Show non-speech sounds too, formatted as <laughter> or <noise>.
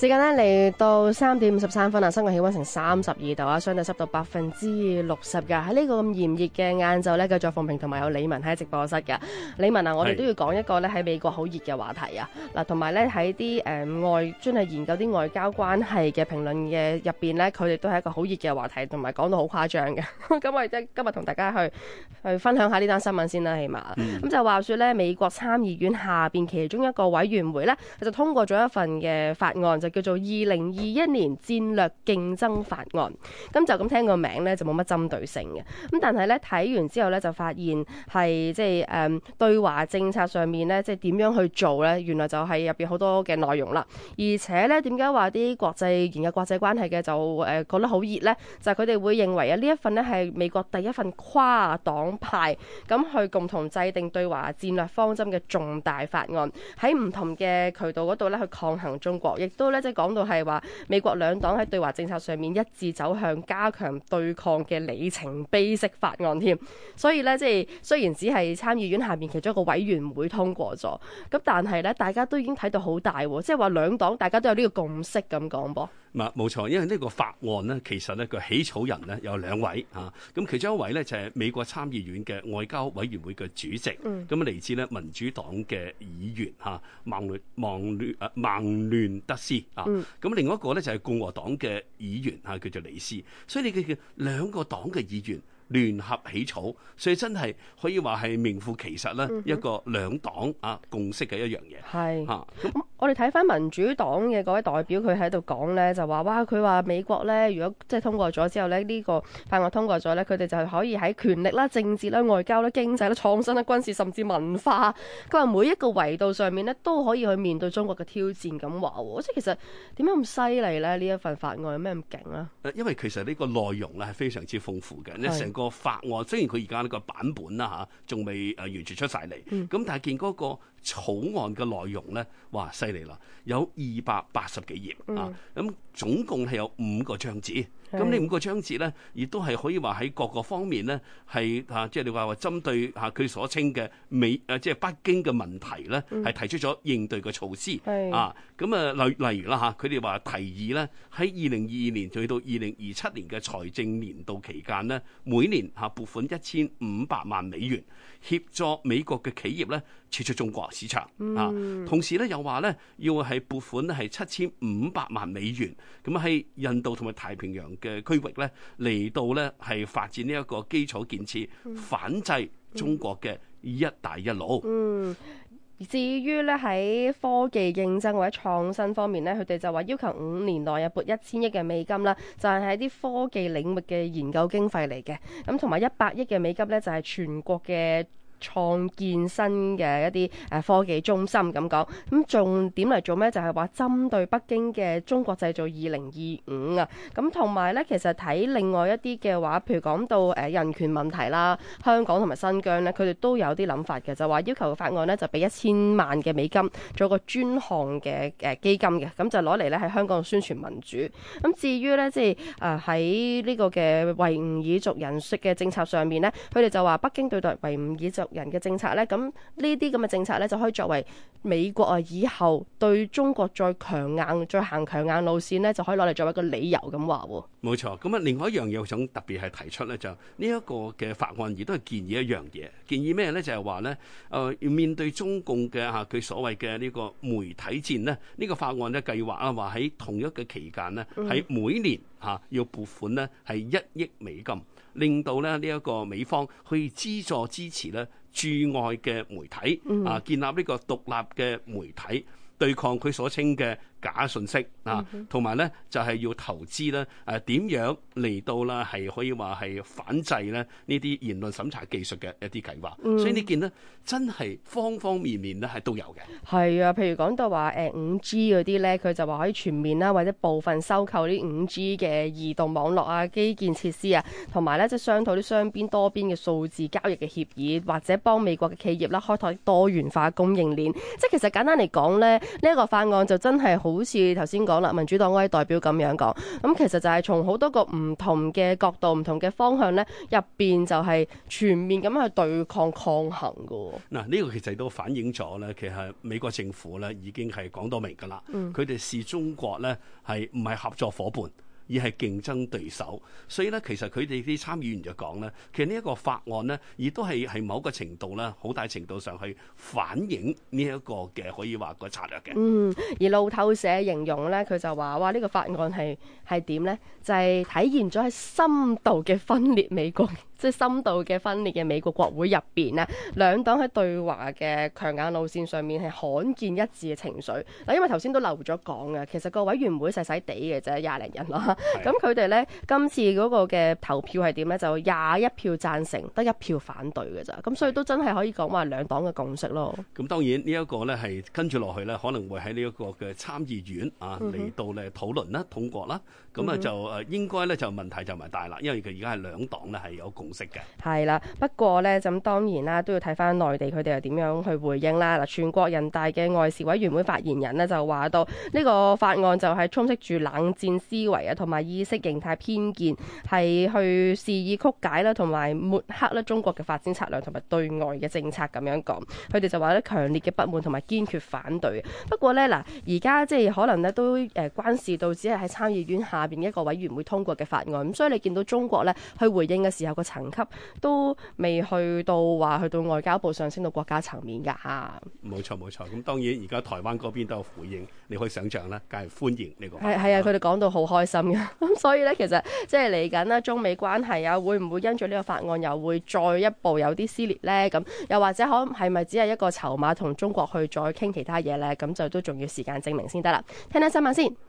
時間呢，嚟到三點五十三分啊！香港氣溫成三十二度啊，相對濕度百分之六十㗎。喺呢個咁炎熱嘅晏晝呢，繼續奉評同埋有李文喺直播室嘅。李文啊，我哋都要講一個咧喺美國好熱嘅話題啊。嗱，同埋咧喺啲誒外專係研究啲外交關係嘅評論嘅入邊呢，佢哋都係一個好熱嘅話題，同埋講到好誇張嘅。咁我哋即係今日同大家去去分享下呢單新聞先啦，起碼咁、嗯、就話說呢，美國參議院下面其中一個委員會呢，就通過咗一份嘅法案叫做《二零二一年戰略競爭法案》，咁就咁聽個名咧，就冇乜針對性嘅。咁但係咧睇完之後咧，就發現係即係誒對華政策上面咧，即係點樣去做咧？原來就係入邊好多嘅內容啦。而且咧，點解話啲國際研究國際關係嘅就誒、呃、覺得好熱咧？就係佢哋會認為啊，呢一份咧係美國第一份跨黨派咁去共同制定對華戰略方針嘅重大法案，喺唔同嘅渠道嗰度咧去抗衡中國，亦都咧。即係講到係話，美國兩黨喺對華政策上面一致走向加強對抗嘅里程碑式法案添，所以咧，即係雖然只係參議院下面其中一個委員會通過咗，咁但係咧，大家都已經睇到好大，即係話兩黨大家都有呢個共識咁講噃。嘛，冇錯，因為呢個法案呢，其實呢個起草人呢，有兩位嚇，咁其中一位呢，就係美國參議院嘅外交委員會嘅主席，咁啊嚟自呢民主黨嘅議員嚇，孟聯孟聯孟聯德斯啊，咁、嗯、另外一個呢，就係共和黨嘅議員嚇，叫做李斯，所以你叫兩個黨嘅議員聯合起草，所以真係可以話係名副其實呢一個兩黨啊共識嘅一樣嘢，係、嗯、嚇。啊。我哋睇翻民主黨嘅嗰位代表，佢喺度講呢就話哇，佢話美國呢，如果即係通過咗之後呢，呢個法案通過咗呢，佢哋就可以喺權力啦、政治啦、外交啦、經濟啦、創新啦、軍事甚至文化，佢話每一個維度上面呢，都可以去面對中國嘅挑戰。咁話，即係其實點解咁犀利呢？呢一份法案有咩咁勁啊？誒，因為其實呢個內容呢係非常之豐富嘅，成個法案雖然佢而家呢個版本啦吓仲未完全出晒嚟，咁，嗯，但係見嗰個。草案嘅內容咧，哇，犀利啦！有二百八十幾頁啊，咁總共係有五個章節。咁呢五個章節咧，亦都係可以話喺各個方面咧，係吓即係你話話針對吓佢、啊、所稱嘅美誒，即、啊、係、就是、北京嘅問題咧，係、嗯、提出咗應對嘅措施。係啊，咁啊，例例如啦吓佢哋話提議咧，喺二零二二年去到二零二七年嘅財政年度期間咧，每年吓撥款一千五百萬美元協助美國嘅企業咧撤出中國市場、嗯、啊，同時咧又話咧要係撥款係七千五百萬美元，咁啊喺印度同埋太平洋。嘅區域咧，嚟到咧係發展呢一個基礎建設，反制中國嘅“一帶一路”。嗯，至於咧喺科技競爭或者創新方面咧，佢哋就話要求五年內啊撥一千億嘅美金啦，就係喺啲科技領域嘅研究經費嚟嘅。咁同埋一百億嘅美金咧，就係、是、全國嘅。創建新嘅一啲科技中心咁講，咁重點嚟做咩？就係話針對北京嘅中國製造二零二五啊，咁同埋咧，其實睇另外一啲嘅話，譬如講到人權問題啦，香港同埋新疆咧，佢哋都有啲諗法嘅，就話要求法案呢就俾一千萬嘅美金做個專項嘅基金嘅，咁就攞嚟咧喺香港宣傳民主。咁至於咧即係喺呢個嘅維吾爾族人數嘅政策上面呢，佢哋就話北京對待維吾爾族人嘅政策咧，咁呢啲咁嘅政策咧，就可以作為美國啊以後對中國再強硬、再行強硬路線咧，就可以攞嚟作為一個理由咁話。冇錯，咁啊，另外一樣嘢我想特別係提出咧，就呢、是、一個嘅法案亦都係建議一樣嘢，建議咩咧？就係話咧，誒、呃，面對中共嘅吓佢所謂嘅呢個媒體戰呢，呢、這個法案咧計劃啊，話喺同一個期間呢，喺、嗯、每年吓、啊、要撥款呢，係一億美金，令到咧呢一、這個美方去資助支持咧。駐外嘅媒體啊，建立呢個獨立嘅媒體。對抗佢所稱嘅假信息啊，同埋咧就係、是、要投資咧誒點樣嚟到啦，係可以話係反制咧呢啲言論審查技術嘅一啲計劃。嗯、所以呢件呢，真係方方面面咧係都有嘅。係啊，譬如講到話誒五 G 嗰啲咧，佢就話可以全面啦或者部分收購啲五 G 嘅移動網絡啊基建設施啊，同埋咧即係商討啲雙邊多邊嘅數字交易嘅協議，或者幫美國嘅企業啦開拓多元化供應鏈。即係其實簡單嚟講咧。呢、這、一個法案就真係好似頭先講啦，民主黨位代表咁樣講，咁、嗯、其實就係從好多個唔同嘅角度、唔同嘅方向呢入邊就係全面咁去對抗抗衡㗎。嗱，呢個其實都反映咗呢，其實美國政府呢已經係講到明㗎啦，佢、嗯、哋視中國呢係唔係合作伙伴？而係競爭對手，所以咧，其實佢哋啲參議員就講咧，其實呢一個法案呢，亦都係喺某個程度咧，好大程度上去反映呢一個嘅可以話個策略嘅。嗯，而路透社形容咧，佢就話：哇，呢、這個法案係係點咧？就係、是、體現咗喺深度嘅分裂美國，即、就、係、是、深度嘅分裂嘅美國國會入邊呢兩黨喺對華嘅強硬路線上面係罕見一致嘅情緒。嗱，因為頭先都漏咗講嘅，其實個委員會細細哋嘅啫，廿零人囉。咁佢哋呢，今次嗰個嘅投票係點呢？就廿一票贊成，得一票反對嘅咋。咁所以都真係可以講話兩黨嘅共識咯。咁、啊、當然呢一個呢，係跟住落去呢可能會喺呢一個嘅參議院啊嚟到咧討論啦、通過啦。咁啊就誒應該呢，就問題就唔係大啦，因為佢而家係兩黨呢係有共識嘅。係啦、啊，不過呢，咁當然啦，都要睇翻內地佢哋係點樣去回應啦。嗱，全國人大嘅外事委員會發言人呢，就話到呢個法案就係充斥住冷戰思維啊！同埋意識形態偏見係去肆意曲解啦，同埋抹黑啦中國嘅發展策略同埋對外嘅政策咁樣講，佢哋就話咧強烈嘅不滿同埋堅決反對。不過呢，嗱，而家即係可能咧都誒、呃、關係到只係喺參議院下邊一個委員會通過嘅法案，咁所以你見到中國呢，去回應嘅時候個層級都未去到話去到外交部上升到國家層面㗎嚇、啊。冇錯冇錯，咁當然而家台灣嗰邊都有回應，你可以想象啦，梗係歡迎呢個。係係啊，佢哋講到好開心。咁 <laughs> 所以咧，其實即係嚟緊啦，中美關係啊，會唔會因著呢個法案又會再一步有啲撕裂呢？咁又或者可係咪只係一個籌碼，同中國去再傾其他嘢呢？咁就都仲要時間證明先得啦。聽聽新聞先。